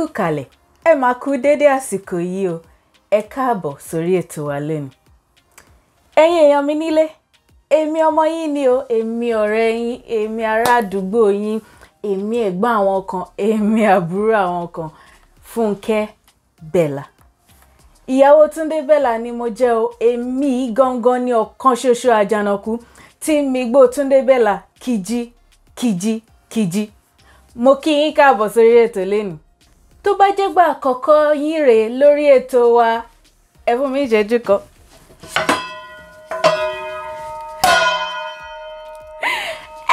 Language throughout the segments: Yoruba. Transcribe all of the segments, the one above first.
kú kalẹ̀ ẹ máa kú dédé àsìkò yìí o ẹ káàbọ̀ sórí ètò wa lónìí. ẹ̀yin èèyàn mi nílé èmi ọmọ yín ni o èmi ọ̀rẹ́ yín èmi ará àdúgbò yín èmi ẹ̀gbọ́n àwọn kan èmi àbúrò àwọn kan Fúnkẹ́ Bella ìyàwó Túndé Bella ni mo jẹ́ o èmi gangan ni ọ̀kan ṣoṣo àjànàkú tí mi gbó Túndé Bella kìjì kìjì kìjì mo kí yín káàbọ̀ sórí ètò lẹ́nu tó bá jẹ́gbà àkọ́kọ́ yín rèé lórí ètò wa ẹ fún mi ìṣẹ́jú kan.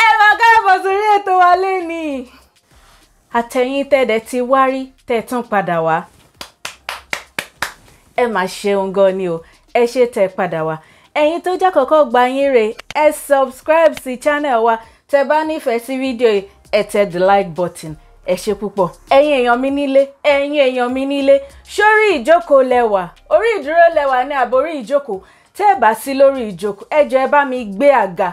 ẹ máa káàbọ̀ sórí ètò wa lénìí. àtẹ̀yìn tẹ̀dẹ̀ ti wárí tẹ̀ tún padà wá. ẹ máa ṣeun gan ni o ẹ ṣe tẹ̀ padà wá. ẹ̀yin tó jẹ́ àkọ́kọ́ gba yín rèé ẹ subscribe sí channel wa tẹ́ bá nífẹ̀ẹ́ sí fídíò yìí ẹ the like button ẹ ṣe púpọ̀ ẹ̀yin èèyàn mi nílé ẹ̀yin èèyàn mi nílé sórí ìjókòó lẹ́wà orí ìdúró lẹ́wà ní àbórí ìjókòó tẹ́ ẹ bá sí lórí ìjókòó ẹ jọ̀ọ́ ẹ bá mi gbé àga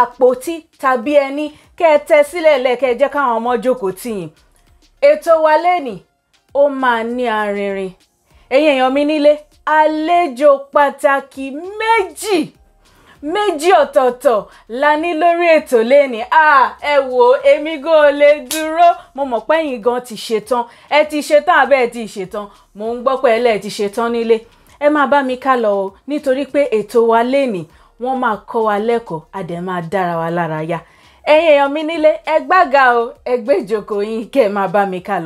àpótí tàbí ẹni kẹ́ ẹ tẹ́ sílẹ̀ lẹ́ẹ̀kẹ́ ẹ jẹ́ káwọn ọmọ jókòó tì ètò wa lẹ́nìí ó máa ní arinrin ẹ̀yin èèyàn mi nílé àlejò pàtàkì méjì méjì ọ̀tọ̀ọ̀tọ̀ la ní lórí ètò lẹ́ni ẹ wò ó èmi gan ò lè dúró mo mọ̀ pé ẹ̀yin gan ti ṣetán ẹ ti ṣetán àbẹ́ ẹ ti ṣetán mò ń gbọ́ pé ẹ lẹ́ẹ̀ ti ṣetán nílé ẹ máa bá mi ká lọ o nítorí pé ètò wa lẹ́ni wọ́n máa kọ́ wa lẹ́kọ̀ọ́ a dẹ̀ máa dára wa lára yá ẹ̀yin èèyàn mi nílé ẹ gbága o ẹ gbé ìjókòó yín kẹ́ ẹ máa bá mi ká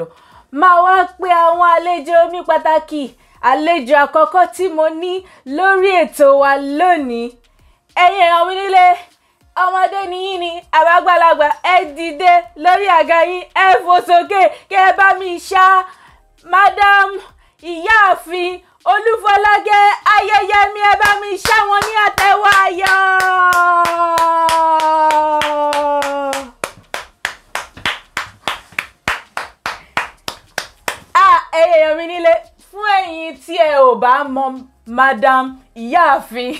máa wá pé àwọn àlejò mi pàtàkì àlejò àkọ́kọ́ tí mo ní lórí ètò wa lónìí ẹ̀yin èèyàn mi nílé ọmọdé ni yín ni àbágbàlagbà ẹ dìde lórí àga yín ẹ fò sókè kẹ ẹ bá mi ṣá madam ìyáàfin olúfọlákẹ́ ayẹyẹmí ẹ bá mi ṣá wọn ní àtẹ́wọ́ ayọ̀. Ah, ẹ̀yin èèyàn mi nílé fún ẹ̀yin tí ẹ ò bá mọ madam ìyáàfin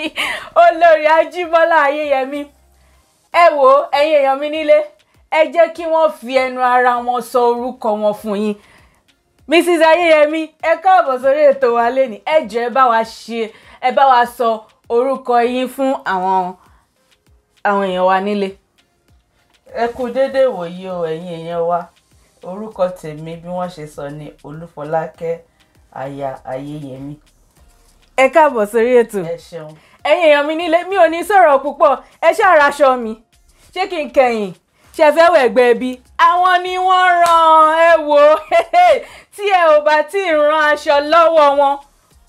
olórí ajíbọ́lá ayéyẹmí ẹ wo ẹ̀yin èèyàn mi nílé ẹ jẹ́ kí wọ́n fi ẹnu ara wọn sọ orúkọ wọn fún yín mrs ayéyẹmí ẹ káàbọ̀ sórí ètò wa lẹ́nìí ẹ jẹ́ ẹ bá wa ṣe ẹ bá wa sọ orúkọ yín fún àwọn àwọn èèyàn wa nílé. ẹ kú déédéé wòyí o ẹ̀yin èèyàn wa orúkọ tèmi bí wọ́n ṣe sọ ni olúfọlákẹ́ aya ayéyẹmí ẹ káàbọ̀ sórí ètò ẹ̀yin èèyàn mi nílé mi ò ní sọ̀rọ̀ púpọ̀ ẹ ṣáà raṣọ mi ṣé kí n kẹ̀yìn ṣe fẹ́ wẹ̀gbẹ́ ẹbí àwọn ni wọ́n ràn ẹ wò tí ẹ ò bá tí ì ran aṣọ lọ́wọ́ wọn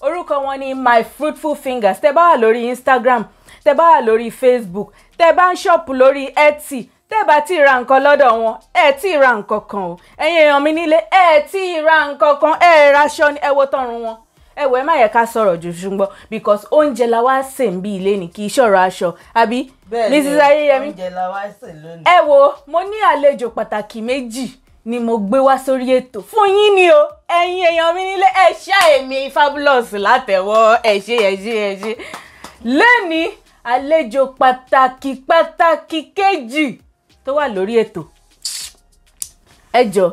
orúkọ wọn ni my fruitful fingers tẹ bá wà lórí Instagram tẹ bá wà lórí Facebook tẹ bá ń ṣọ́ọ̀pù lórí Etsy tẹ́ bá ti ra nǹkan lọ́dọ̀ wọn ẹ ti ra nǹkan kan o ẹ̀yin èèyàn mi nílé ẹ ti ra nǹkan kan ẹ raṣọ ni ẹ wo tọrùn wọn ẹ wò ẹ má yẹ ká sọ̀rọ̀ jù ṣùgbọ́n because oúnjẹ la wá sè ń bí ilé ni kì í ṣọ̀rọ̀ aṣọ àbí Mrs Ayéyẹmí ẹ wò mo ní àlejò pàtàkì méjì ni mo gbé wá sórí ètò fún yín ni o ẹ̀yin èèyàn mi nílé ẹ ṣá èmi fabulous látẹ̀wọ́ ẹ ṣé ẹ ṣé ẹ ṣé lẹ́ni àlejò pàtàkì pàtàkì kejì tó wà lórí ètò ẹ jọ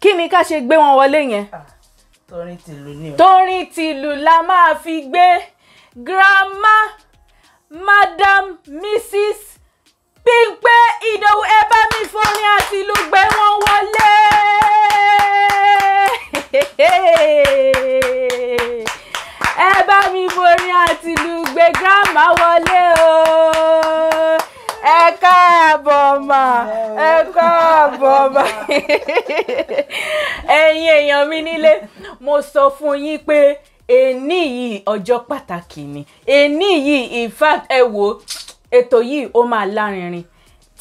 kí ni ká ṣe gbé wọn wọlé yẹn ah torin tìlù ni o. torin tìlù la máa fi gbé grandma madam mrs Bímpé Ìdòwú ẹ bá mi fọrin àti ìlú gbé wọn wọlé. ẹ forin àti ìlú grandma wọlé o ẹ káàbọ̀ mà ẹ káàbọ̀ mà ẹ̀yin èèyàn mi nílé mo sọ fún yín pé èní yìí ọjọ́ pàtàkì ni èní yìí in fact ẹ wo ètò yìí ó máa lárinrin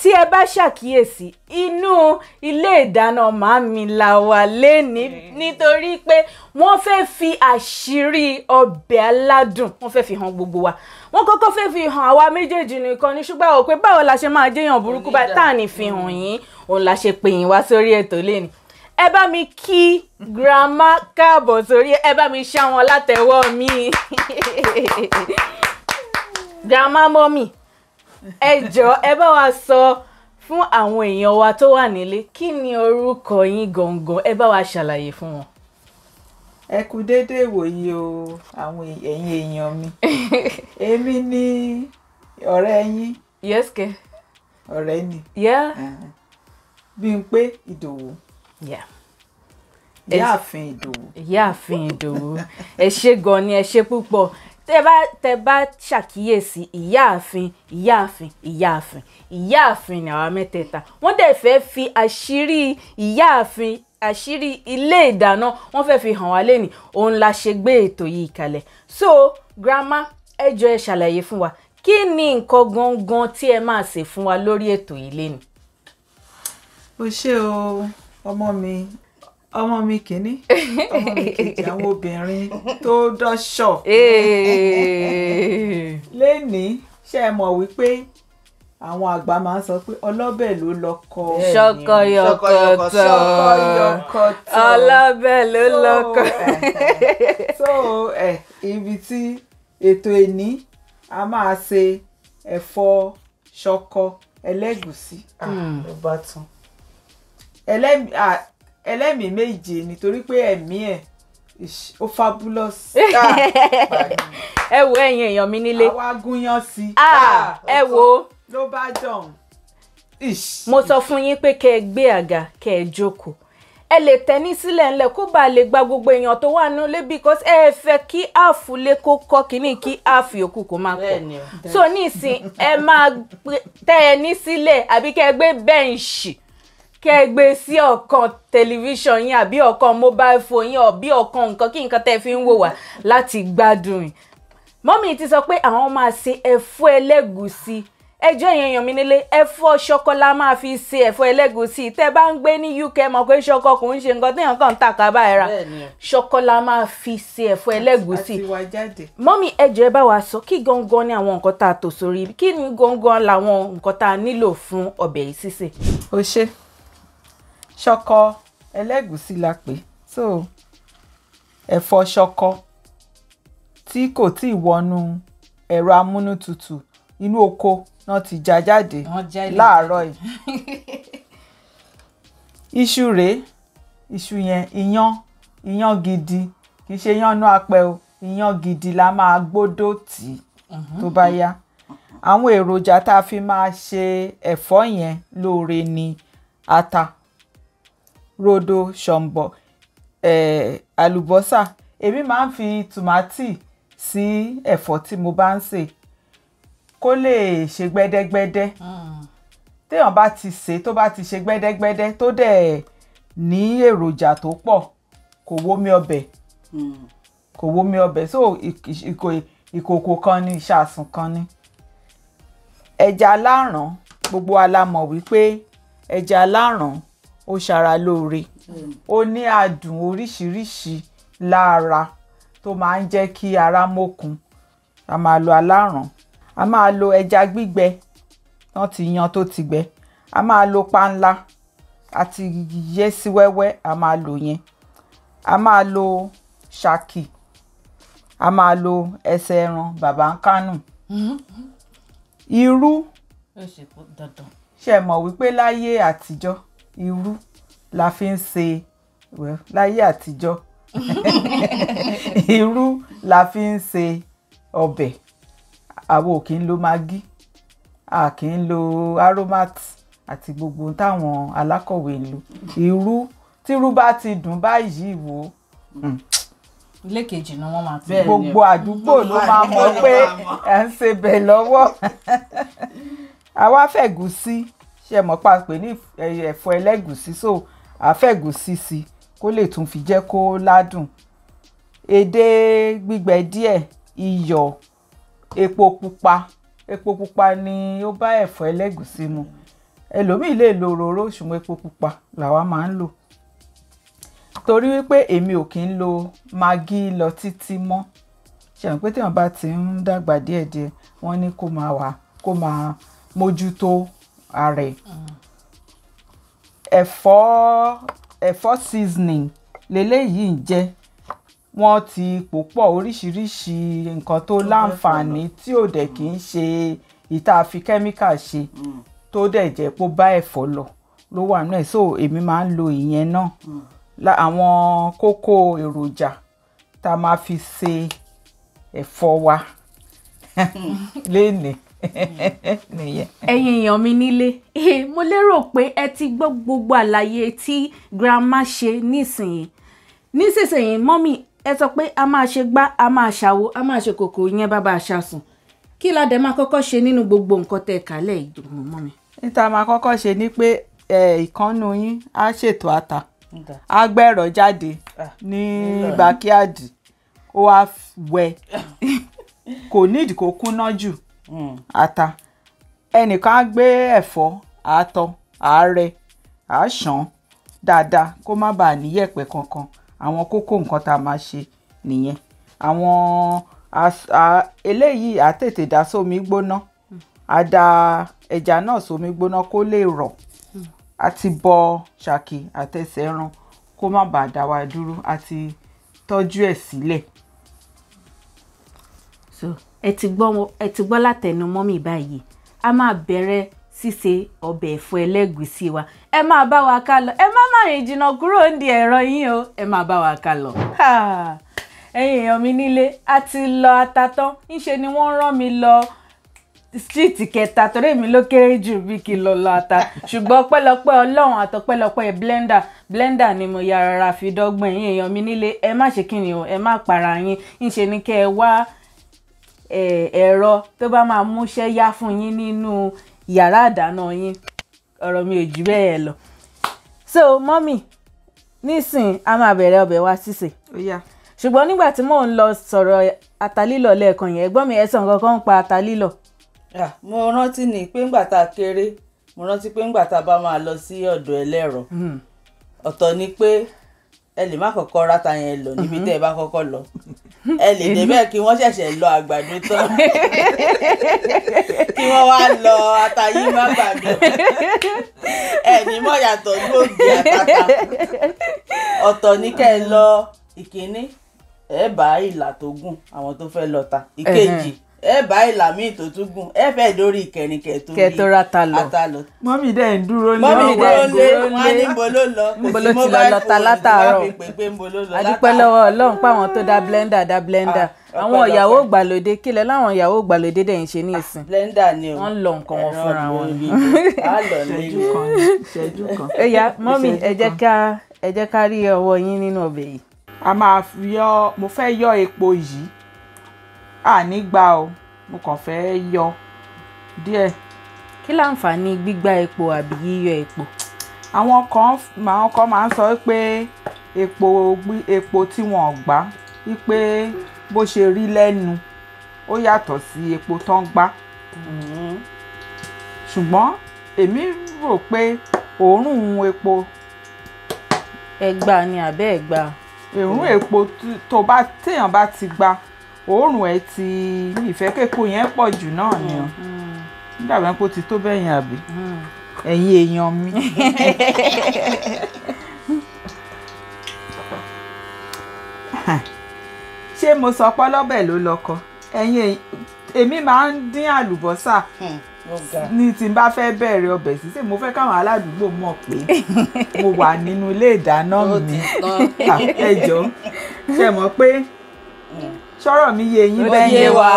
tí ẹ bá ṣàkíyèsí inú ilé ìdáná màmí la wà lẹ́ni mm. nítorí pé wọ́n fẹ́ fi àṣírí ọbẹ̀ aládùn wọ́n fẹ́ fi hàn gbogbo wa wọ́n kọ́kọ́ fẹ́ fi hàn àwa méjèèjì nìkan ní ṣùgbọ́n àwọn pé báwo la ṣe máa jẹ́yàn burúkú báyìí tá à ní fi hàn mm. yín òun la ṣe pè yín wá sórí ètò lẹ́ni ẹ bá mi kí grandma káàbọ̀ sórí ẹ bá mi ṣá wọn látẹ̀wọ́ mi grandma mọ́mì ẹ jọ̀ọ́ ẹ bá wa sọ fún àwọn èèyàn wa tó wà nílé kí ni orúkọ yín gangan ẹ bá wa ṣàlàyé fún wọn. ẹ kú déédéé wòyí o àwọn ẹ̀yin èèyàn mi èmi ni ọ̀rẹ́ yín. yes ke. ni. yeah. Bímpé Ìdòwú. yeah ìyáàfin ìdòwú. ìyáàfin ìdòwú ẹ ṣé gan ni ẹ ṣé púpọ̀ tẹ bá tẹ bá ṣàkíyèsí ìyáàfin ìyáàfin ìyáàfin ìyáàfin ni àwa mẹ́tẹ̀ẹ̀ta wọ́n dẹ̀ fẹ́ fi àṣírí ìyáàfin àṣírí ilé ìdáná wọ́n fẹ́ fi hàn wá lẹ́nìí òun la ṣe gbé ètò yìí kalẹ̀ so grandma ẹ jọ ẹ ṣàlàyé fún wa kí ni nǹkan gangan tí ẹ máa ṣe fún wa lórí ètò yìí lẹ́nìí. o ṣé o ọmọ mi ọmọ mi kìíní ọmọ mi kejì àwọn obìnrin tó dọ́ṣọ̀ lẹ́ni ṣe é mọ̀ wípé àwọn àgbà máa ń sọ pé ọlọ́bẹ̀ ló lọ́kọ. ṣọkọyọkọtọ ṣọkọyọkọtọ ọlọ́bẹ̀ ló lọ́kọ. so ẹ eh, eh. eh, ibi tí ètò ẹni a máa ṣe ẹ̀fọ́ ṣọkọ ẹlẹ́gùsí. Ah, hmm. ó bá tán ẹlẹ́mìí méje nítorí pé ẹ̀mí ẹ̀ ó fabulous. Ah, ẹ wo ẹ̀yin èèyàn mi nílé. àwa gúnyán sí i. Ah, ah, ẹ wo. ló bá dàn. mo sọ fún yín pé kẹ́ ẹ gbé àga kẹ́ ẹ jókòó ẹ lè tẹ́ni sílẹ̀ ńlẹ̀ kó bàa lè gba gbogbo èèyàn tó wà nílé because ẹ fẹ́ kí áàfù lé kó kọ́ kínní kí áàfù yòókù kó máa kọ́ so nísìn ẹ máa tẹ́ ẹ ní sílẹ̀ àbí kẹ́ ẹ gbé bẹ́ǹṣì kẹ́ ẹ gbé sí ọ̀kan tẹlifíṣàn yín àbí ọ̀kan mobile phone yín àbí ọ̀kan nǹkan kí nǹkan tẹ́ fi ń wò wá láti gbádùn yìí mọ́mì ti sọ pé àwọn máa ṣe ẹ̀fọ́ ẹlẹ́gùsí ẹjọ́ èèyàn èèyàn mi nílé ẹ̀fọ́ ṣọkọ la máa fi ṣe ẹ̀fọ́ ẹlẹ́gùsí tẹ́ bá ń gbé ní UK mọ̀ pé ṣọkọ kò ń ṣe nǹkan téèyàn kàn ń tà kábà ẹ̀ra ṣọkọ la máa fi ṣe ẹ̀fọ́ ẹlẹ́gùsí mọ́mì ẹjọ́ ẹ bá wa sọ kí gangan ni àwọn nǹkan tá a sórí kí ni gangan làwọn nǹkan tá nílò fún ọbẹ̀ yìí ṣíṣe. o ṣe ṣọkọ ẹlẹ́gùsí la pè so ẹ̀fọ́ ṣọkọ tí kò tí ì wọnú ẹ̀rọ amúnútutù inú oko náà ti já jáde láàárọ̀ yìí iṣu rèé iṣu yẹn iyán iyán gidi kì í ṣe yánú apẹ o iyán gidi la máa gbódò tì mhm. tó bá yá àwọn èròjà tá a fi máa ṣe ẹ̀fọ́ yẹn lóore ni ata rodo ṣọ̀m̀bọ̀ eh, àlùbọ́sà èmi máa ń fi tòmátì sí ẹ̀fọ́ tí mo bá ń sè kó lè ṣe gbẹ́dẹ́gbẹ́dẹ́ hmm. téèyàn bá ti sè tó bá ti ṣe gbẹ́dẹ́gbẹ́dẹ́ tó dẹ̀ ní èròjà tó pọ̀ kò wómi ọbẹ̀ hmm. kò wómi ọbẹ̀ so ìkòkò kan ni ìṣàsùn kan ni ẹja aláràn gbogbo wa la wípé ẹja aláràn ó ṣara lóore ó ní adùn oríṣiríṣi lára tó máa ń jẹ́ kí ara mókun a máa lo aláràn a máa lo ẹja gbígbẹ wọ́n ti yan tó ti gbẹ a máa lo panla àti yẹ́ sí wẹ́wẹ́ a máa lò yẹn a máa lo ṣàkì a máa lo ẹsẹ̀ ẹran bàbá ń kánù irú ṣe mọ̀ wípé láyé àtijọ́ irú la fi ń ṣe well, láyé àtijọ́ irú la fi ń ṣe ọbẹ̀ àwọn ò kì í lo magí a kì í lo aromat àti gbogbo táwọn alákọ̀wé ń lo irú tírú bá ti dùn báyìí wò ó hmm. ilé kejì ni wọ́n máa ti bẹ́ẹ̀ ni gbogbo àdúgbò ló máa mọ̀ pé à ń ṣe bẹ́ẹ̀ lọ́wọ́ àwa fẹ̀gùsí ṣe mọ̀ pa pé ní ẹ̀fọ́ ẹlẹ́gùsí so àfẹ́gùsí si kó lè tún fi jẹ́ kó ládùn èdè gbígbẹ díẹ̀ iyọ̀ epo pupa epo pupa ni ó bá ẹ̀fọ́ ẹlẹ́gùsí mu ẹlòmíì lè lo òróró ṣùgbọ́n epo pupa làwa máa ń lò torí wípé èmi ò kí ń lo magí lọ títí mọ́ ṣẹ̀wọ̀n pé téèyàn bá ti ń dàgbà díẹ̀díẹ̀ wọ́n ní kó máa wà kó máa mójútó ààrẹ ẹ̀fọ́ ẹ̀fọ́ seasoning lélẹ́yìí ń jẹ́ wọ́n ti pòpọ̀ oríṣiríṣi nǹkan tó láǹfààní tí ò dẹ̀ kì í ṣe ìta àfi kẹ́míkà ṣe mm. tó dẹ̀ jẹ́ pó bá ẹ̀fọ́ lọ ló wà náà so èmi máa ń lo ìyẹn náà mm. àwọn kókó èròjà tá a máa fi ṣe ẹ̀fọ́ wa lénìí ẹ̀yin èèyàn mi nílé eh, mo lérò pé ẹ ti gbọ́ gbogbo àlàyé tí grandma ṣe nísìnyí nísinsìnyí mọ́mì ẹ sọ pé a máa ṣe gbá a máa ṣàwo a máa ṣe kòkò ìyẹn bàbá àṣàsùn kí la dẹ̀ máa kọ́kọ́ ṣe nínú gbogbo nǹkan tẹ̀ kálẹ̀ ìdùnnú mọ́mì. níta máa kọ́kọ́ ṣe ni pé ìkànnù yín á ṣètò ata á gbẹ̀rọ̀ jáde ní bàkíyàdì ó wá wẹ kò nídìí kó kúná jù Mm. ata ẹnìkan á gbé ẹ̀fọ́ àátọ́ àárẹ̀ àásàn dáadáa kó má bàa níyẹ̀pẹ̀ kankan àwọn kókó nǹkan tá a máa ṣe nìyẹn àwọn eléyìí á tètè dá sómi gbóná á da ẹja náà sómi gbóná kó lè rọ̀ á mm. ti bọ ṣàkì àtẹsẹ̀ ẹran kó má bàa dá wa dúró á ti tọ́jú ẹ̀ sílẹ̀. so ẹ ti gbọ́ ẹ ti gbọ́ látẹnu mọ́mì báyìí a máa bẹ̀rẹ̀ ṣíṣe ọbẹ̀ ẹ̀fọ́ ẹlẹ́gùsí wa ẹ máa bá wa ká lọ ẹ má má rìn jìnnà kúrò ń di ẹ̀rọ yín o ẹ máa bá wa ká lọ. ẹ̀yin èèyàn mi nílé a ti lọ ata tán ńṣe ni wọ́n rán mi lọ stíìtì kẹta torí èmi ló kéré jù bí kí n lọ lọ ata ṣùgbọ́n ọpẹ́lọpẹ́ ọlọ́run àtọpẹ́lọpẹ́ blender blender ni mo ya rárá fi dọ́gbọ́n ẹ̀yin èèyàn mi nílé ẹ má ṣe kí ni o ẹ má para yín ńṣe ni kẹ́ ẹ wá. Eh, ẹ̀rọ tó bá máa múṣẹ́ yá fún yín nínú yàrá àdáná yín ọ̀rọ̀ mi ò jù bẹ́ẹ̀ lọ. so mọ́mì nísìn a máa bẹ̀rẹ̀ ọbẹ̀ wa sísè. ṣùgbọ́n nígbà tí mò ń lọ sọ̀rọ̀ ata lílọ̀ lẹ́ẹ̀kan yẹn ẹ̀gbọ́n mi ẹ̀sán kankan ń pa ata lílọ̀. mo rántí ni pé ńgbà tá a kéré mo rántí pé ńgbà tá a bá máa lọ sí ọ̀dọ̀ ẹlẹ́rọ hmm. ọ̀tọ̀ ni pé ẹ lè má kọ́kọ́ ráta yẹn lọ níbi mhm. tẹ́ ẹ bá kọ́kọ́ lọ ẹ lè débẹ̀ kí wọ́n ṣẹ̀ṣẹ̀ lọ àgbàdo tán kí wọ́n wá lọ atayí má gbàdo ẹ ní mọ̀ yàtọ̀ gbòógì àtàtà ọ̀tọ̀ ní kẹ́ ẹ lọ ìkíní ẹ bá ìlà tó gùn àwọn tó fẹ́ lọ ta ìkejì. Uh ẹ bá ìlà míì tó tún gùn ẹ fẹ́ dórí kẹ̀nìkẹ̀ tó rí kẹtọ́ra atalọ. mọ́mí dẹ̀ ń dúró ní ọ̀wọ́ mọ́mí dẹ̀ ń dúró ní wọ́n ní nbo ló lọ kò sí mobile phone wọ́n fi páwọn tó da blender da blender ah, àwọn ìyàwó ìgbàlódé kílẹ̀ láwọn ìyàwó ìgbàlódé dẹ̀ ń ṣe ní ìsìn. blender ni o wọ́n ń lọ nǹkan wọn fúnra wọn. ìṣẹ́jú kan ìṣẹ́jú kan. ẹ yá mọ́mí ẹ jẹ́ ká ẹ jẹ́ ká rí ọwọ́ yín nínú ọbẹ̀ yìí. a máa yọ mo fẹ́ yọ epo yìí àní gbà o mo kàn fẹ́ yọ díẹ̀. kí láǹfààní gbígbá epo àbí yíyọ epo. àwọn kan àwọn kan máa ń sọ pé epo epo tí wọn ò gbá wípé bó ṣe rí lẹ́nu ó yàtọ̀ sí epo tó ń gbá. Mm-hmm. ṣùgbọ́n èmi rò pé òórùn epo. ẹgbàá ni àbẹ́ ẹgbàá. òórùn epo tó bá téèyàn bá ti gba òórùn ẹ ti ìfẹ́ kéko yẹn pọ̀ jù náà ni o nígbàgbọ́ mm, mm. pé ó ti tó bẹ́yìn àbí mm. ẹ̀yin èèyàn mi. ṣé mo sọ pé ọlọ́bẹ̀ ló lọ́kọ ẹ̀yin èmi máa ń dín àlùbọ́sà hmm, ní tí n bá fẹ́ bẹ̀rẹ̀ ọbẹ̀ sí ṣé mo fẹ́ káwọn aládùúgbò mọ̀ pé mo wà nínú ilé ìdáná mi ah, ẹjọ́ ṣe mọ̀ pé. Hmm sọ̀rọ̀ mi yé yín bẹ́ẹ̀ yẹn wá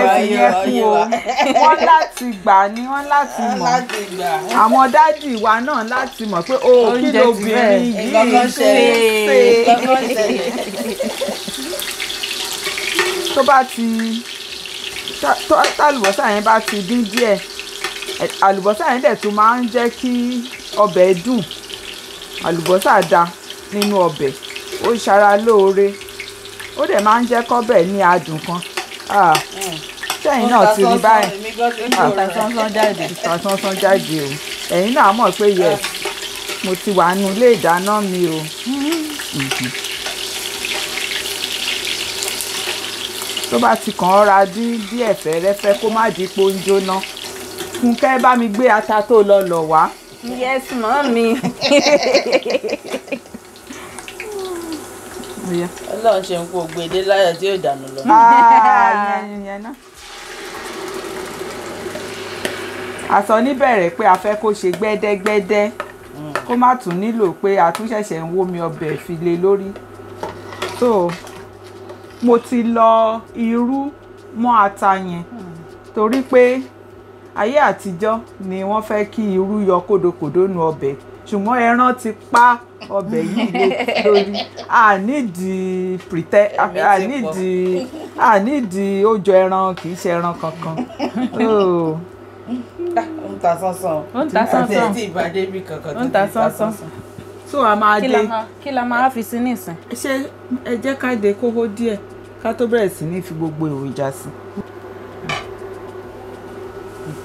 ẹ̀sìn yẹn kú o wọ́n láti gbà ni wọ́n láti mọ̀ àwọn dájú ìwà náà láti mọ̀ pé o oh, kí lóbìnrin yìí ṣe tó bá ti tálùbọ́sà yẹn bá ti dín díẹ̀ àlùbọ́sà yẹn dẹ̀ tún máa ń jẹ́ kí ọbẹ̀ dùn àlùbọ́sà da nínú ọbẹ̀ ó ṣara lóore ó dẹ̀ máa ń jẹ́ kọ́bẹ̀ ní adùn kan sẹ́yìn náà ti rí báyìí ìtàsánsán jáde ìtàsánsán jáde o ẹ̀yin náà mọ̀ pé yẹ mo ti wà nù ilé ìdáná mi o. tó bá ti kàn ọ́ ra díẹ̀ fẹ́rẹ́fẹ́ kó má di ipò ń jóná fúnkẹ́ bá mi gbé ata tó lọ lọ̀ wá. yes mọ́ mi. ọlọ́run ṣe ń kó gbèdé láyọ̀ tí yóò dànù lọ. Ah, a sọ níbẹ̀rẹ̀ pé a fẹ́ kó ṣe gbẹ́dẹ́gbẹ́dẹ́ mm. kó má tún nílò pé a tún ṣẹ̀ṣẹ̀ ń wómi ọbẹ̀ fi lé lórí so mo ti lọ irú mọ́ ata yẹn mm. torí pé ayé àtijọ́ ni wọ́n fẹ́ kí irú yọ kódokòdó nu ọbẹ̀ ṣùgbọ́n ẹran ti pa ọbẹ̀ yìí lé lórí ànídìí pretẹ ànídìí ànídìí ó jọ ẹran kì í ṣe ẹran kankan. ó oh. ah, ń ta sánsán ó ń ta sánsán àti ìbàdí mi kankan tó ń ta sánsán so a máa dé kí la máa fi sí nísìn. ṣé ẹ jẹ́ ká de kókó díẹ̀ ká tó bẹ̀rẹ̀ sí ní fi gbogbo èròjà sí.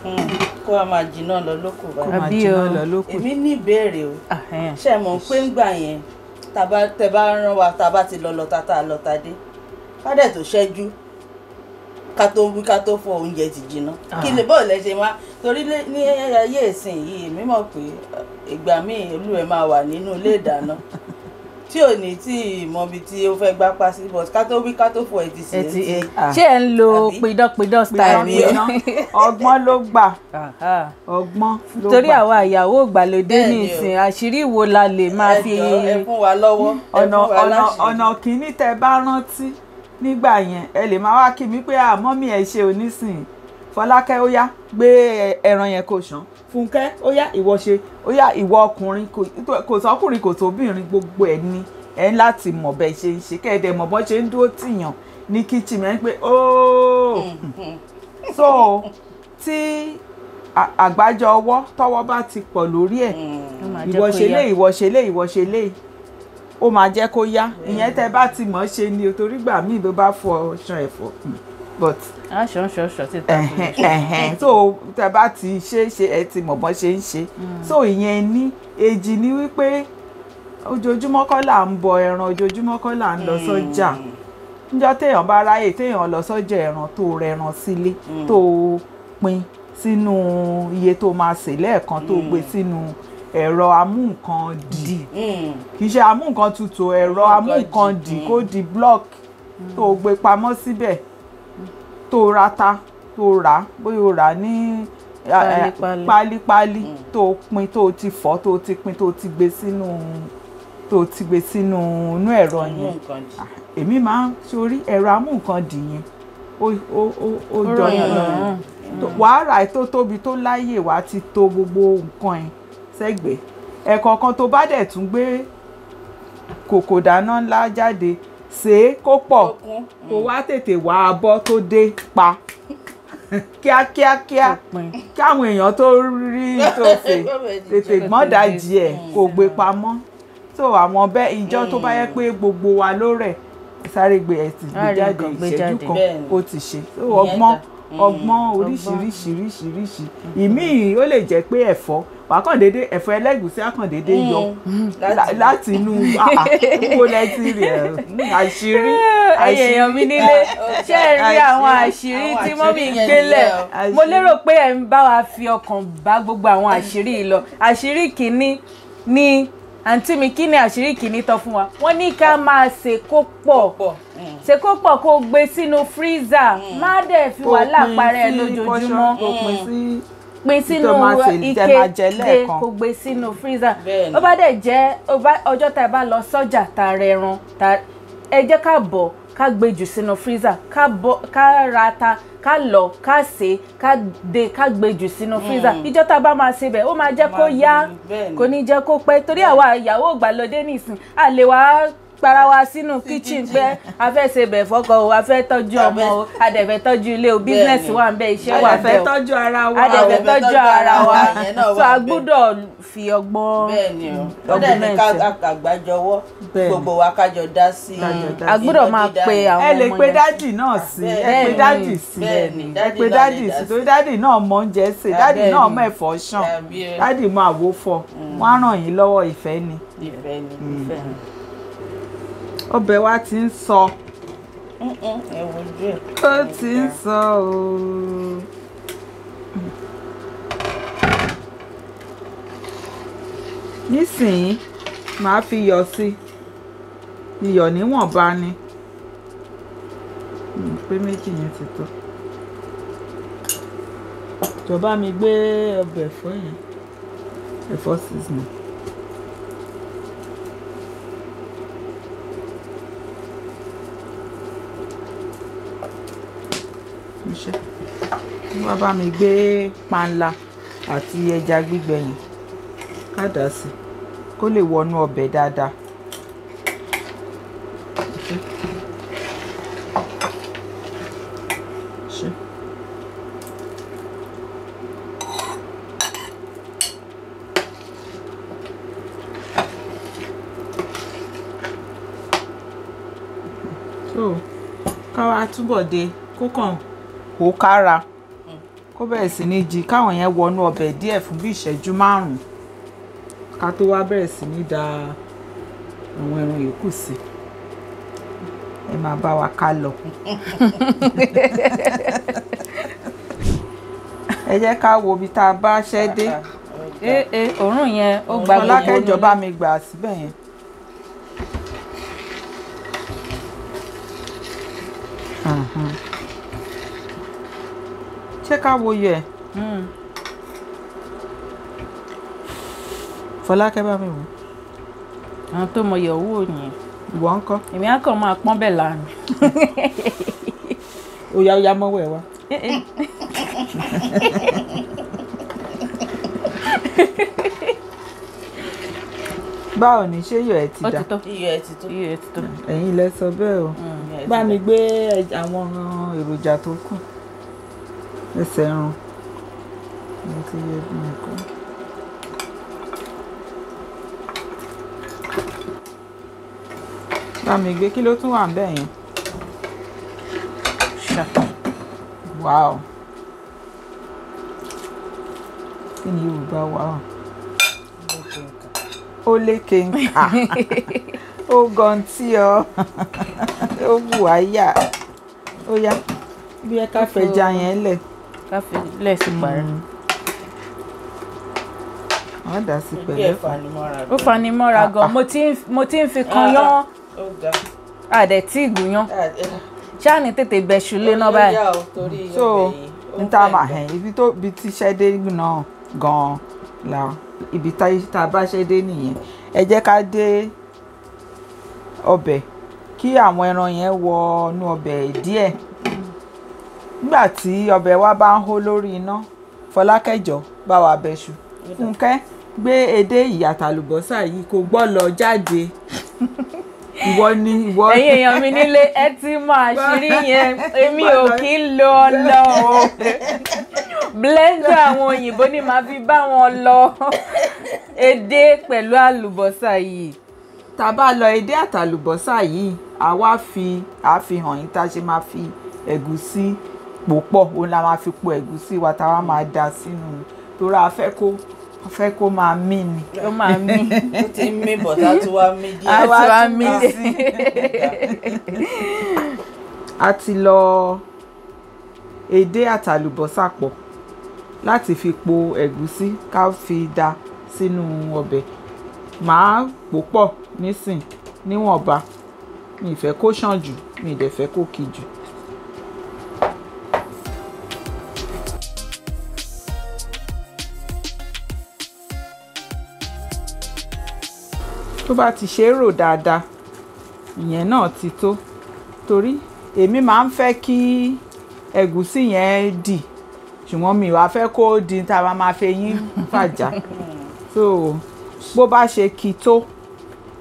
Mm-hmm kó a máa jìnnà lọ lóko báyìí. kó máa jìnnà lọ lóko. èmi ní ìbéèrè o ah, eh. ṣe mọ̀ pé ń gbà yẹn tẹ bá rán wa tá a bá ti lọ lọ́ta tá a lọ́ta dé ká dẹ̀ tó ṣẹ́jú ká tó wí ká tó fọ oúnjẹ ti jìnnà ah. kí ni bọ́ọ̀ lẹ ṣe máa torí ní ayé ìsìn yìí mímọ̀ pé ìgbà míì olú ẹ̀ máa wà nínú ilé ìdáná tí ò ní tí ìmọ̀bi tí ó fẹ́ gbá pa sí but ká tó wí ká tó fò ẹ̀ ti sí ẹ̀ ti ṣé ẹ̀ ń lo pidánpidán style mi ọgbọ́n ló gbà ọgbọ́n ló gbà torí àwa ìyàwó ìgbàlódé ní ìsìn àṣírí wo la lè máa fi ọ̀nà ọ̀nà ọ̀nà kìíní tẹ bá rántí nígbà yẹn ẹ lè máa wá kí mi pé àmọ́ mi ẹ̀ ṣe onísìn Fọlákẹ́ ó yá gbé ẹran yẹn kò ṣán fúnkẹ́ ó yá ìwọ ṣe ó yá ìwọ ọkùnrin kò sọkùnrin kò tóbìnrin gbogbo ẹ̀ ni ẹ̀ ń láti mọ̀ bẹ́ẹ̀ ṣe ń ṣe kẹ́ẹ̀dẹ̀ mọ̀ bọ́ ṣe ń dúró tìyàn ní kíchìn mẹ́rin pé ooo so tí àgbájọ ọwọ́ tọwọ́ bá ti pọ̀ lórí ẹ̀ hmm. ìwọ ṣe lé ìwọ ṣe lé ìwọ ṣe lé ó máa jẹ́ kó yá ìyẹn hmm. tẹ́ bá ti mọ̀ ṣe ni torí gbà míì ló bá fọ ọṣan ẹ̀fọ́. Hmm but. a ṣan ṣan ṣan ti ta fún mi. so tẹ bá ti ṣe ṣe ẹ ti mọ̀ bọ́n ṣe ń ṣe. Hmm. so ìyẹn ní èjì ni wípé ojoojúmọ́ kọ́ là ń bọ ẹran ojoojúmọ́ kọ́ là ń lọ hmm. sọ́jà níjọ́ téèyàn bá ráyè téèyàn lọ sọ́jà ẹran tó rẹran sílé hmm. tó pín sínú iye tó máa sè lẹ́ẹ̀kan tó gbé sínú ẹ̀rọ amúnkan kì í ṣe amúnkan ẹ̀rọ amúnkan kó di block tó gbé pamọ́ síbẹ̀ tó ra ta tó rà bóyá o rà ní pálípálí mm. tó pin tó ti fọ́ tó ti pin tó ti gbé sínú tó ti gbé sínú inú ẹ̀rọ yẹn ah, èmi máa ń sórí ẹ̀rọ amúǹkandì yẹn ó jọyàn lọ́rùn mm. wàá rà tó tóbi tó láyè wàá ti tò gbogbo nǹkan ẹ̀ sẹ́gbẹ̀ẹ́ ẹ̀kọ̀ọ̀kan tó bá dẹ̀ tún gbé kòkò dáná ńlá jáde ṣe é kó pọ̀ kó wá tètè wá abọ́ tó dé pa kíákíákíá kí àwọn èèyàn tó rí tó fè tètè gbọ́ndàjì ẹ̀ kó gbé pamọ́ tó àwọn bẹ́ẹ̀ ìjọ tó bá yẹ pé gbogbo wa ló rẹ̀ sáré gbé ẹ̀ tì gbé jáde ìṣẹ́jú kan ó ti ṣe ọgbọ́n ọgbọ́n oríṣiríṣiríṣiríṣi ìmíì ó lè jẹ́ pé ẹ̀fọ́ wàkàndédé ẹ̀fọ́ ẹlẹ́gùsí àkàndédé yọ hmm. láti inú kólẹ́tìrì ah, ah, hmm, àṣírí. ẹyẹ èèyàn mi nílé ṣé ẹ rí àwọn àṣírí tí mọ́mí ń gbélẹ̀ mo lérò pé ẹ ń bá wa fi ọkàn bá gbogbo àwọn àṣírí yìí lọ àṣírí kìíní ni àǹtí mi kí ni àṣírí kìíní tán fún wa wọ́n ní ká máa ṣe kó pọ̀ ṣe kó mm. pọ̀ kó gbé sínú freezer mm. má dẹ̀ fi wàhálà parẹ́ lójoojúmọ́ pín mm. sínú ike dé kó gbé sínú freezer ó bá dẹ̀ jẹ́ ọjọ́ tá a bá lọ sọ́jà tá a rẹran ẹ jẹ́ ká bọ̀ ká gbé jù sínú freezer ká ra ta ká lọ ká sè é ká de ká gbejù sínú mm. freezer ìjọ́ tá a bá máa ṣe bẹ̀ ó máa jẹ́ kó yá kò ní jẹ́ kó pẹ́ torí àwa ìyàwó ìgbàlódé nìsín àlè wàá para wa kichin kitchen pé a fẹ́ ṣe bẹ̀ fọ́kọ o a fẹ́ tọ́jú ọmọ o a ilé o business wa ń bẹ iṣẹ́ wa bẹ̀ o a dẹ̀ fẹ́ tọ́jú ara wa so a gbọ́dọ̀ fi ọgbọ́n ọgbọ́n náà ka agbajọwọ gbogbo wa kájọ dá sí i. a pe awọn ọmọ yẹn. ẹ lè pe dádì náà si ẹ pe dádì si ẹ pe dádì si torí dádì náà mọ oúnjẹ sè dádì náà mọ ẹ̀fọ́ ṣàn dádì mọ fọ wọn á ràn yín lọwọ ìfẹ ni. ni mm. ni. ọbẹ̀ wa ti ń sọ ó ti ń sọ ooo. nísìnyí màá fi yọ̀ sí iyọ̀ níwọ̀nba ni pé méjì yẹn ti tó jọba mi gbé ọbẹ̀ ẹ̀fọ́ yẹn ẹ̀fọ́ seasoning. níṣẹ́ wọ́n bá mi gbé panla àti ẹja gbígbẹ yẹn ká dà sí kó lè wọnú ọbẹ̀ dáadáa. so ká wá túbọ̀ de kó kó kára kó bẹ̀rẹ̀ sí ní jí káwọn yẹn wọnú ọbẹ̀ díẹ̀ fún bí ìṣẹ́jú márùn-ún ká tó wá bẹ̀rẹ̀ sí ní da àwọn ẹran yòókù sí ẹ máa bá wa ká lọ. ẹ jẹ́ ká wo ibi tá a bá ṣẹ́ dé. ee òórùn yẹn ó gba gbogbo olóyún. ọlákẹ́jọ mi gbà síbẹ̀ yẹn. Mm-hmm ṣé ká wo yẹ. Hmm. fọlákẹ́ bá mi wò. àwọn tó mọ yẹ̀ owó yẹn. ìwọ ń kọ́. èmi á kàn máa pọ́n bẹ́ẹ̀ lánàá. òyà òyà mọ́wọ́ ẹ̀ wá. báwo ni ṣé iyọ̀ ẹ ti dà iyọ̀ ẹ ti tó iyọ̀ ẹ ti tó ẹ̀yin lẹ sọ bẹ́ẹ̀ o hmm, bá mi gbé àwọn èròjà tó kù ẹsẹ̀ ẹran mo ti yẹ bí nǹkan. bá mi gbé kí ló tún wà níbẹ̀ yẹn. wow kí ni yorùbá wow ó lékè nǹkan ó gan tí ọ ó wù á ó yá bí ẹ ká fẹja yẹn lẹ̀ ká fi lẹ̀ sí parí. wọ́n mm. dà sí pẹ̀lẹ́ fún ó fani mọ́ra ah, gan ah. mo ti ń fi kan ah, yán àdẹ̀ tí ìgùn yán eh. ṣáà ní tètè bẹ̀ṣù lé náà báyìí. so n ta ma hẹn eh, ibi tó bi ti ṣẹ́dé náà gan-an la ibi tá a bá ṣẹ́dé nìyẹn ẹ jẹ́ ká dé ọbẹ̀ kí àwọn ẹran yẹn wọ inú ọbẹ̀ díẹ̀ nígbà tí ọbẹ̀ wa bá ń hó lórí iná fọlákẹ́jọ bá wa bẹṣu fúnkẹ́ gbé edé ìyàtàlùbọ́sà yìí kò gbọ́ lọ jáde ìwọ ni ìwọ. ẹ̀yin èèyàn mi nílé ẹ ti mọ àṣírí yẹn èmi ò kí ń lo ọlọ o blender àwọn òyìnbó ni màá fi bá wọn lọ edé pẹ̀lú àlùbọ́sà yìí. tá a bá lọ edé àtàlùbọ́sà yìí àwa fi àfihàn yín tá a ṣe máa fi ẹ̀gúsí pò pọ̀ òun la máa fi po ẹ̀gúsí wa tá a wá máa da sínú torí a fẹ́ kó a fẹ́ kó máa mí ni. ó máa mí ó ti mí bọ̀ tá a mí díẹ̀. a tún mí díẹ̀. a ti lọ èdè àtàlùbọ́sà pọ̀ láti fi po ẹ̀gúsí ká fi da sínú ọbẹ̀ màá pò pọ̀ nísìn níwọ̀nba mi ì kó ṣàn jù mi ì kó ki jù. tó bá ti ṣe é rò dáadáa ìyẹn náà ti tó torí èmi máa ń fẹ́ kí ẹ̀gúsí yẹn dì ṣùgbọ́n mi wàá fẹ́ kó di tá a máa fi eyín fàjà so bó bá ṣe kí tó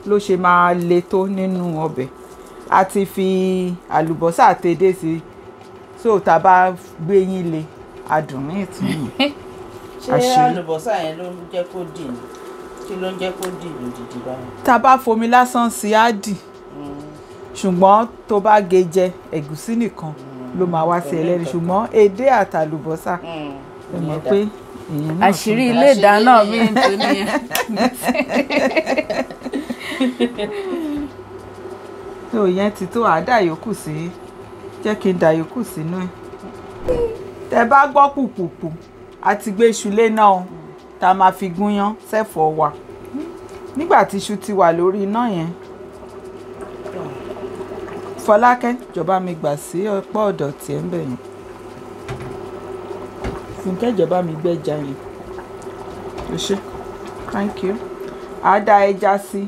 ló ṣe máa le tó nínú ọbẹ̀ a ti fi àlùbọ́sà tèdè sí so tá a bá gbé yín le adùn ní ìtumọ̀. ṣé àlùbọ́sà yẹn ló jẹ́ kó dì ní kí ló ń jẹ́ kó dì lójijì báyìí. tá a bá fomi lásán sí á dì hmm. ṣùgbọ́n tó bá ge jẹ ẹ̀gúsí nìkan hmm. ló máa wá sí ẹlẹ́rìí ṣùgbọ́n èdè àtàlùbọ́sà hmm. ẹ mọ̀ pé àṣírí ilé ìdáná mi ń tó nìyẹn. tó yẹn ti tó àádá yòókù sí jẹ́ kí n dà yòókù sínú ẹ̀. tẹ bá gbọ́ pùpùpù àti gbé iṣu lé náà tá a máa fi gúnyán sẹ́fọ̀ wa nígbà tí iṣu ti wà lórí iná yẹn fọlákẹ́ ìjọba mi gbà sí ọ̀pọ̀ ọ̀dọ̀ tiẹ̀ ń bẹ̀ yẹn fúnkẹ́ ìjọba mi gbẹ́ja yẹn o ṣe thank you àá da ẹja sí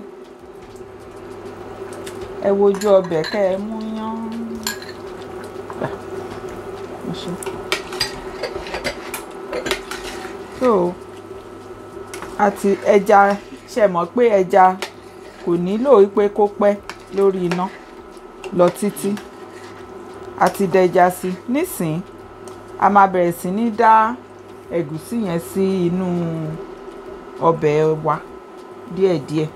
ẹ wojú ọbẹ̀ kẹ́ ẹ mú yán o ṣe. so àti ẹja ṣe mọ̀ pé ẹja kò nílò pé kó pẹ́ lórí iná lọ títí àti dẹja sí nísìn a máa bẹ̀rẹ̀ sí ní dá ẹ̀gúsí yẹn sí inú ọbẹ̀ wa díẹ̀díẹ̀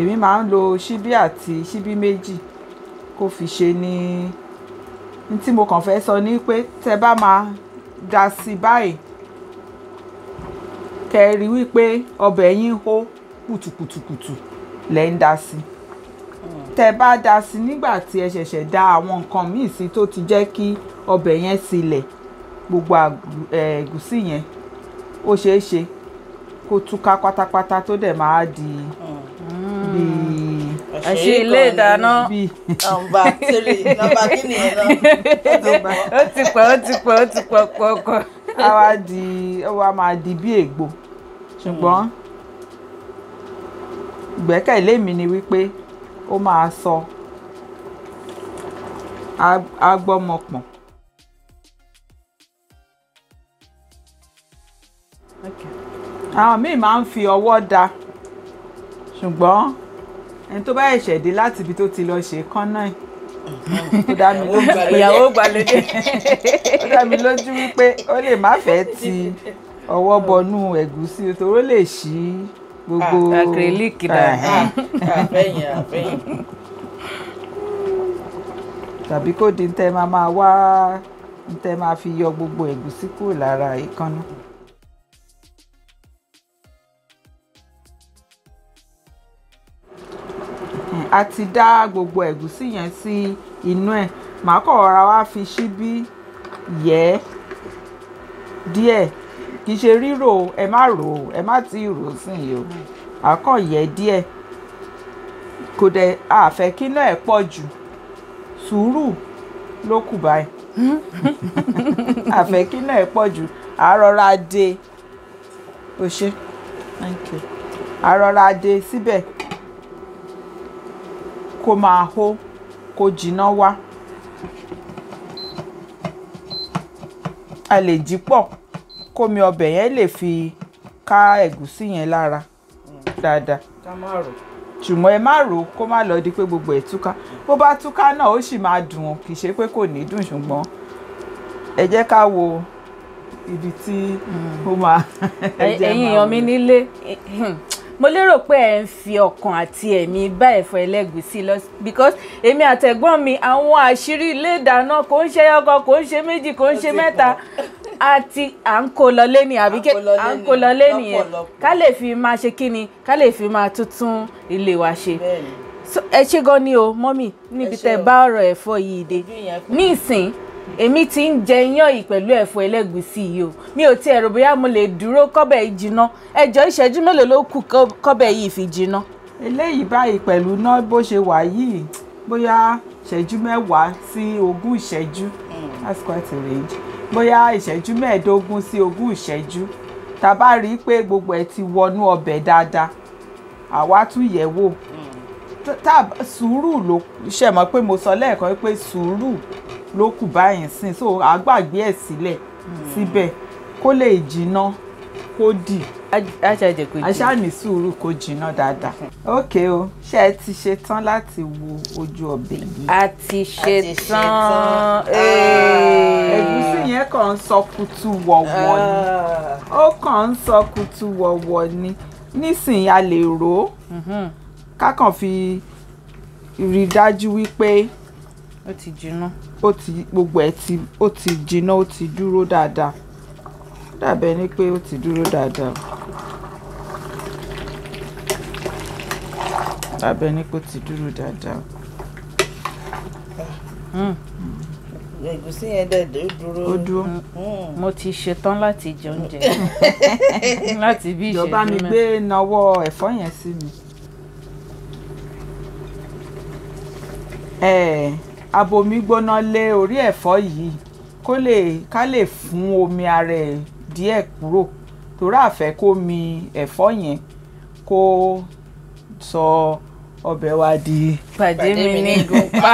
èmi máa ń lo ṣíbí àti ṣíbí méjì kó fi ṣe ní ní tí mo kàn fẹ́ sọ ni pé tẹ bá máa dà sí báyìí kẹrí wípé ọbẹ̀ yín hó kùtùkùtùkùtù lẹ́ ń dà sí tẹ́ bá dà sí nígbà tí ẹ ṣẹ̀ṣẹ̀ dà àwọn nǹkan míì sí tó ti jẹ́ kí ọbẹ̀ yẹn sílẹ̀ gbogbo ẹ̀gúsí yẹn ó ṣeé ṣe kó túká pátápátá tó dẹ̀ máa di mm. bíi àṣe ilé ìdáná nọ́mbà tírì nọ́mbà kí ni ẹ náà. ó ti pọ̀ ó ti pọ̀ ó ti pọ̀ pọ̀ pọ̀. a wá di ó wá máa di bí ègbò ṣùgbọ́n ìgbẹ́kẹ̀lé mi ni wípé ó máa sọ agbọ́mọpọ̀n. àwọn míì máa ń fi ọwọ́ da ṣùgbọ́n ẹni tó bá ẹ̀ṣẹ̀ dé láti ibi tó ti lọ ṣe kánná ẹ̀ ó dá mi lójú ìyàwó gbàlódé ó dá mi lójú wípé ó lè má fẹ́ ti ọwọ́ bọnú ẹ̀gúsí torí ó lè ṣí gbogbo akrilik ah, náà ah, ah, tàbí kó di ní máa máa wá ní máa fi yọ gbogbo ẹ̀gúsí kúrò lára ìkànnà. a ti dá gbogbo ẹ̀gúsí yẹn sí inú ẹ̀ màá kọ̀ rọra wá fi ṣíbí yẹ̀ ẹ́ díẹ̀ kì í ṣe rírò ẹ má rò ó ẹ má tí rò ó sìn yìí o màá kàn yẹ̀ díẹ̀ kò dẹ̀ àfẹ́ kí náà ẹ̀ pọ̀ jù sùúrù ló kù báyìí àfẹ́ kí náà ẹ̀ pọ̀ jù àrọ́ra dé o ṣe àrọ́ra dé síbẹ̀ kó máa hó kó jiná wá a lè jí pọ̀ kómi ọbẹ̀ yẹn lè fi ká ẹ̀gúsí yẹn lára dáadáa ṣùgbọ́n ẹ má rò ó kó má lọ di pé gbogbo ẹ̀ túká bó bá túká náà ó sì máa dùn ún kì í ṣe pé kò ní dùn ṣùgbọ́n ẹ jẹ́ ká wo ibi tí mm. ó máa. ẹ̀yin èèyàn mi nílé mo lérò pé ẹ ń fi ọkàn àti ẹ̀mí bá ẹ̀fọ́ ẹlẹ́gùsí lọ because èmi àtẹ̀gbọ́n mi àwọn àṣírí ilé ìdáná kò ń ṣe ọkọ kò ń ṣe méjì kò ń ṣe mẹ́ta àti à ń kó lọlé ni àbí à ń kó lọlé nìyẹn ká lè fi máa ṣe kí ni ká lè fi máa tuntun ilé wa ṣe ẹ ṣé gan ni o mọ́mì níbi tẹ́ bá ọ̀rọ̀ ẹ̀fọ́ yìí dé nísìn èmi ti ń jẹ iyán yìí pẹ̀lú ẹ̀fọ́ ẹlẹ́gùsí yìí o mi ò tiẹ̀ rò bóyá mo lè dúró kọ́bẹ̀ yìí jinná ẹjọ́ ìṣẹ́jú mélòó ló kù kọ́bẹ̀ yìí fi jinná. eléyìí báyìí pẹ̀lú náà bó ṣe wà yìí bóyá ìṣẹ́jú mẹ́wàá sí ogún ìṣẹ́jú hmm. that's quite a range bóyá ìṣẹ́jú mẹ́ẹ̀ẹ́dógún sí ogún ìṣẹ́jú tá bá rí i pé gbogbo ẹ̀ ti wọnú ọbẹ̀ dáadáa àwa tún yẹ̀ wò hmm. tá sùúrù ló ló kù báyìí sìn so à gbàgbé ẹ̀ sílẹ̀ hmm. síbẹ̀ kó lè jinná kó dì àṣà sùúrù kó jinná dáadáa ok o ṣé ẹ ti ṣe tán láti wo ojú ọbẹ̀ yìí. a ti ṣe tán ah. ẹ̀gúsí yẹn kàn ń sọ kùtù wọ̀wọ̀ ni ah. ó kàn ń sọ kùtù wọ̀wọ̀ ni nísìnyí a lè rò ó mhm. ká kàn fi rí i dájú wípé ó ti jiná. ó ti gbogbo ẹ̀ ti ó ti jiná ó ti dúró dáadáa dàbẹ̀ ni pé ó ti dúró dáadáa dàbẹ̀ ni pé ó ti dúró dáadáa. Hmm. ẹ̀gúsí yẹn dẹ̀ dúró. ó dúró. Hmm. mo ti ṣetán láti jẹ oúnjẹ láti bí ìṣẹ́jú mẹ́rin. ìjọba mi gbé nawọ́ ẹ̀fọ́ yẹn sí mi. ẹ̀ẹ́ abomi gbóná lé orí ẹ̀fọ́ yìí kó lè ká lè fún omi ara ẹ̀ díẹ̀ kúrò torí àfẹ́ kó mi ẹ̀fọ́ yẹn kó sọ ọbẹ̀ wa di pàdé mi ní gùnpá.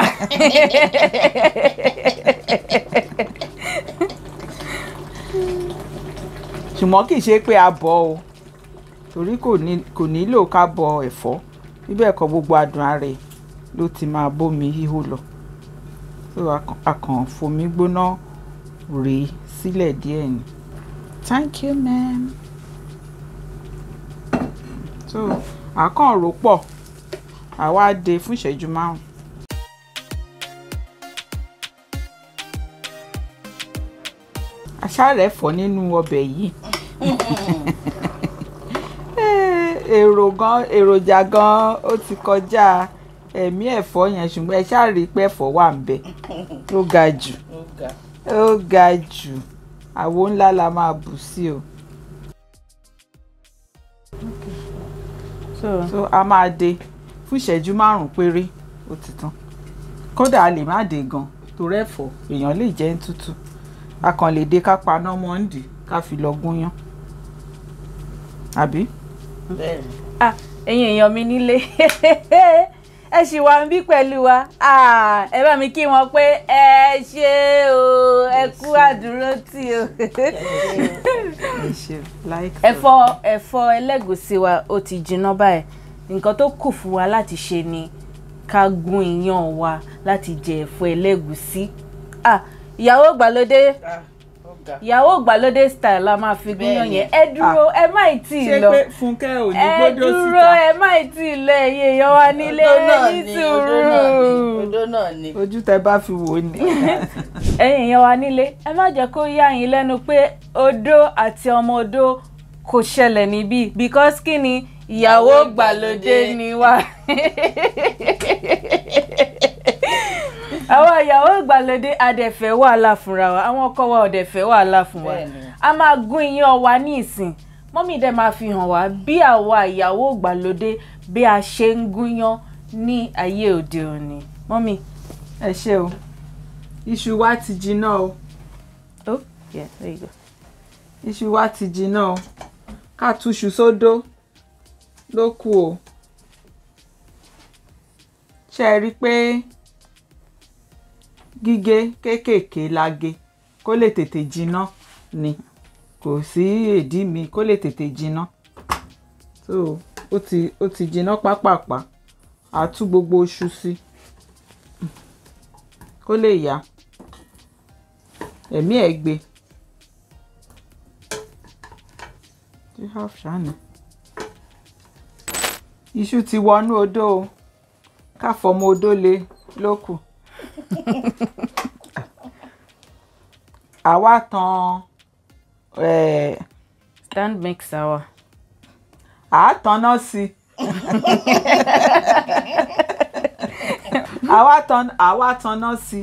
ṣùgbọ́n kì í ṣe pé a bọ̀ o torí kò nílò ká bọ ẹ̀fọ́ bíbẹ̀ kọ́ gbogbo adùn ara ẹ̀ ló ti máa bómi híhó lọ so akàn fomi gbóná rèé sílẹ̀ díẹ̀ ni thank you ma'am so akàn rò pọ̀ àwa dè fún ìṣẹ́jú márùn. aṣáàrẹ̀ fọ̀ nínú ọbẹ̀ yìí eh, èrò gan èròjà gan ó ti kọjá ẹ̀mí ẹ̀fọ́ yẹn ṣùgbọ́n ẹ ṣáà rí pé ẹ̀fọ́ wà ń bẹ ó ga jù ó ga jù àwo ńlá la máa bù sí o. so a máa de fún ìṣẹ́jú márùn-ún péré ó ti tán kódà a lè má de gan torí ẹ̀fọ́ èèyàn lè jẹ ń tútù a kàn lè de ká paná mọ́ndì ká fi lọ gúnyán àbí. bẹ́ẹ̀ni. ah ẹ̀yin èèyàn mi nílé ẹ ṣì wà ń bí pẹ̀lú wa ẹ bá mi kí wọn pé ẹ ṣe o ẹ kú àdúró tì o. ẹ̀fọ́ ẹ̀fọ́ ẹlẹ́gùsí wa ó ti jiná báyìí nǹkan tó kù fún wa láti ṣe ni ká gún iyán wa láti jẹ ẹ̀fọ́ ẹlẹ́gùsí. ìyàwó ìgbàlódé. Ah, ìyàwó ìgbàlódé style la máa fi gúnyán yẹn ẹ dúró ah. ẹ má ì tí ì lọ ṣé pé Fúnkẹ́ ò ní gbọ́dọ̀ síta ẹ dúró ẹ má ì tí ì lọ ẹ̀yẹ èèyàn wa nílé ní sùúrù ojú tẹ bá fi wò ni. ẹ̀yin èèyàn wa nílé ẹ má jẹ́ kó yá yín lẹ́nu pé odó àti ọmọ odó kò ṣẹlẹ̀ níbí because kí ni ìyàwó ìgbàlódé ni wá. àwọn ìyàwó ìgbàlódé adẹ̀fẹ̀ wàhálà fúnra wa àwọn ọkọ wa ọ̀dẹ̀fẹ̀ wàhálà fún wa a máa gún iyán wa ní ìsìn mọ́mí dẹ̀ máa fi hàn wá bí àwa ìyàwó ìgbàlódé bí a ṣe ń gún iyán ní ayé òde òní mọ́mí ẹ ṣé o iṣu wa ti jiná o oh yeah there you go iṣu wa ti jiná o ká túṣu sódó ló kù o ṣe rí i pé gígé kéékèèké la gé kó lè tètè jiná ni kò sí èdí mi kó lè tètè jiná so ó ti ó ti jiná pápápá a tú gbogbo iṣu sí kó lè yá ẹ̀mí ẹ̀ gbé iṣu ti wọnú odó o ká odó le lókù àwa tan stand mixer wa. àá tanná sí i àwa tan àwa tanná sí i.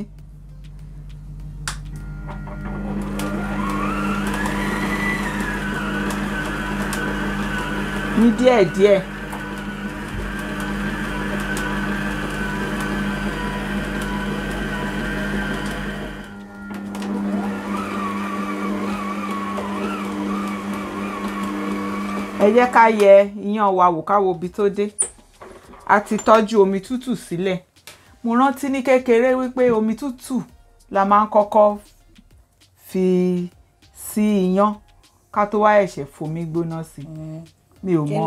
ní díẹ̀díẹ̀. ẹ jẹ́ ká yẹ iyán wa wò ká wo ibi tó dé a ti tọ́jú omi tútù sílẹ̀ mo rántí ní kékeré wípé omi tútù la máa ń kọ́kọ́ fi sí iyán ká tó wá ẹ̀ṣẹ̀ fomi gbóná sí mm. mi ò mọ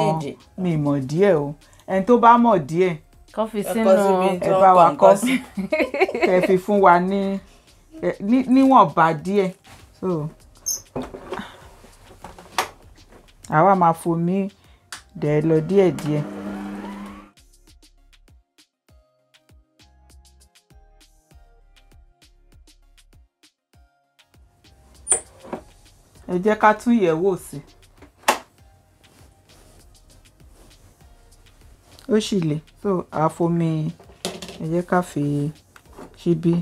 mi mọ̀ díẹ̀ o ẹni tó bá mọ̀ díẹ̀ kọfí sínú ẹ wa kọ sí kẹ́ fún wa ní níwọ̀nba díẹ̀ so àwa ma fomi dẹ̀ lọ die ẹ jẹ́ ká tún ìyẹ̀wò si o sì le so àfomi ẹ jẹ́ ká fi ṣíbí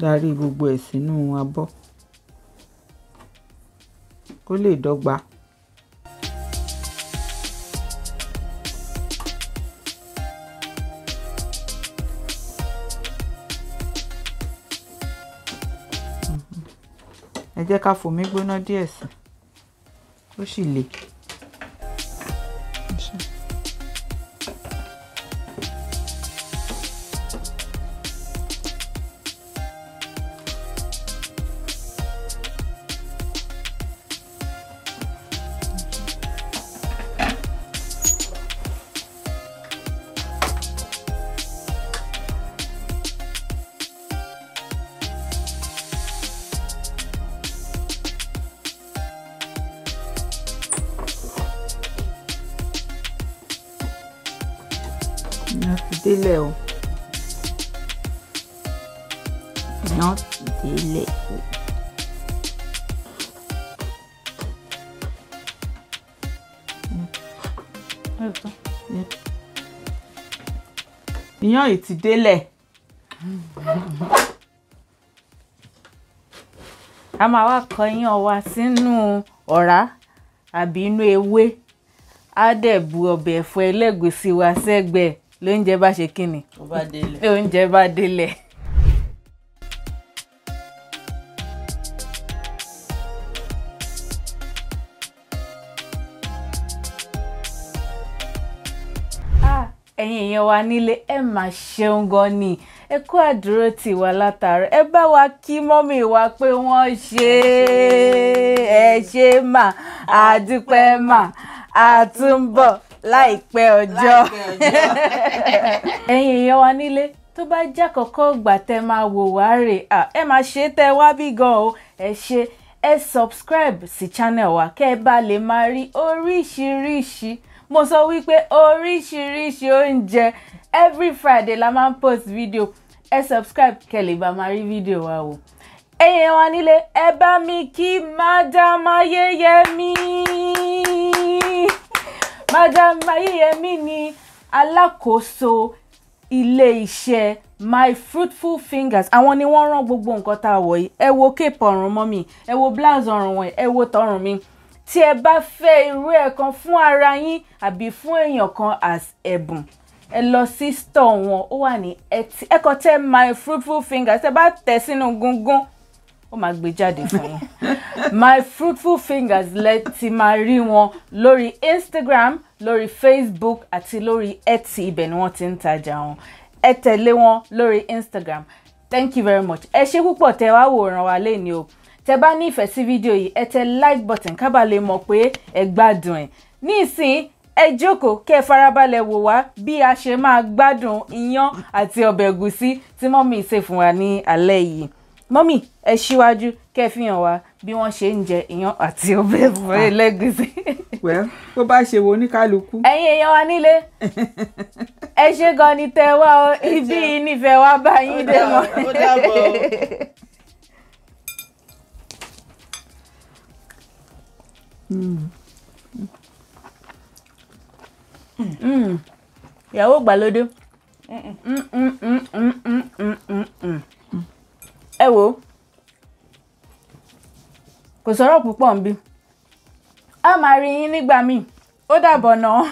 darí gbogbo ẹ̀ sínú abọ́ kó lè dọ́gba. jẹ́ ká fòmí gbóná díẹ̀ sí ó le. délẹ̀ o not délẹ̀ o. ìyàn yìí ti a máa wá kọ iyán wa sinu ora abi inú ewe á dẹ̀ bu ọbẹ̀ ẹ̀fọ́ si wa sẹ́gbẹ̀ẹ́ lóúnjẹ bá ṣe kí ni lóúnjẹ bá délẹ̀. ẹ̀yin èèyàn wa nílé ẹ máa ṣeun gan ni ẹ kó àdúró tì wá látàárọ̀ ẹ bá wa kí mọ́mì wa pé wọ́n ṣe é ẹ ṣe mà àdúpẹ́ mà àtúnbọ̀ láìpẹ́ ọjọ́ ẹ̀yin èèyàn wa nílé tó bá jẹ́ àkọ́kọ́ ìgbà tẹ́ máa wò wá rè ẹ máa ṣe é wá bí gan o ẹ ṣe ẹ subscribe sí channel wa kẹ́ ẹ bá lè máa rí oríṣiríṣi mo sọ wípé oríṣiríṣi oúnjẹ every Friday la máa ń post video ẹ subscribe kẹ́ lè bá máa rí video wa wò ẹ̀yin èèyàn wa nílé ẹ bá mi kí Madam Ayéyẹmí madam Mayeyemi ni alákòóso ilé-iṣẹ́ my fruitful fingers àwọn ni wọ́n rán gbogbo nǹkan tá a wọ̀ yìí ẹ wo cape ọ̀run mọ́ mi ẹ wo blouse ọ̀run wọ̀nyí ẹ wo tọrùn mi tí ẹ bá fẹ́ irú ẹ̀ kan fún ara yín àbí fún èèyàn kan as ẹ̀bùn ẹ lọ sí store wọn ó wà ní ẹtì ẹ kọ tẹ my fruitful fingers ẹ bá tẹ̀ sínú gungun ó máa gbé jáde fún yín my fruitful fingers lẹ ti máa rí wọn lórí Instagram lórí Facebook àti lórí Etsy ibẹ̀ ni wọ́n ti ń tajà wọn ẹ tẹ̀lé wọn lórí Instagram thank you very much ẹ ṣe púpọ̀ tẹ wá wòran wa lẹ́ni o tẹ bá ní ìfẹ́ sí fídíò yìí ẹ tẹ like button ká bàa lè mọ̀ pé ẹ gbádùn ẹ̀ ní ìsìn ẹ jókòó kẹ́ ẹ farabalẹ̀ wò wá bí a ṣe máa gbádùn iyán àti ọbẹ̀ ẹ̀gúsí tí mọ́mì ṣe fún wa ní alẹ́ yìí mọ́mì ẹ ṣíwájú kẹ́ ẹ fi hàn wá bí wọ́n ṣe ń jẹ iyán àti ọbẹ̀ ẹ̀fọ́ ẹlẹ́gùsí. wẹ́ bó bá ṣe wo oníkálukú. ẹ̀yin èèyàn wa nílé ẹ ṣe gan ni tẹ wá o ibi nífẹ̀ẹ́ wá bá yín dé mọ́. Hmm. Hmm. ìyàwó ìgbàlódé hmm, ẹ wò ó kò sọ̀rọ̀ púpọ̀ ń bí a máa rí yín nígbà míì ó dàbọ̀ náà.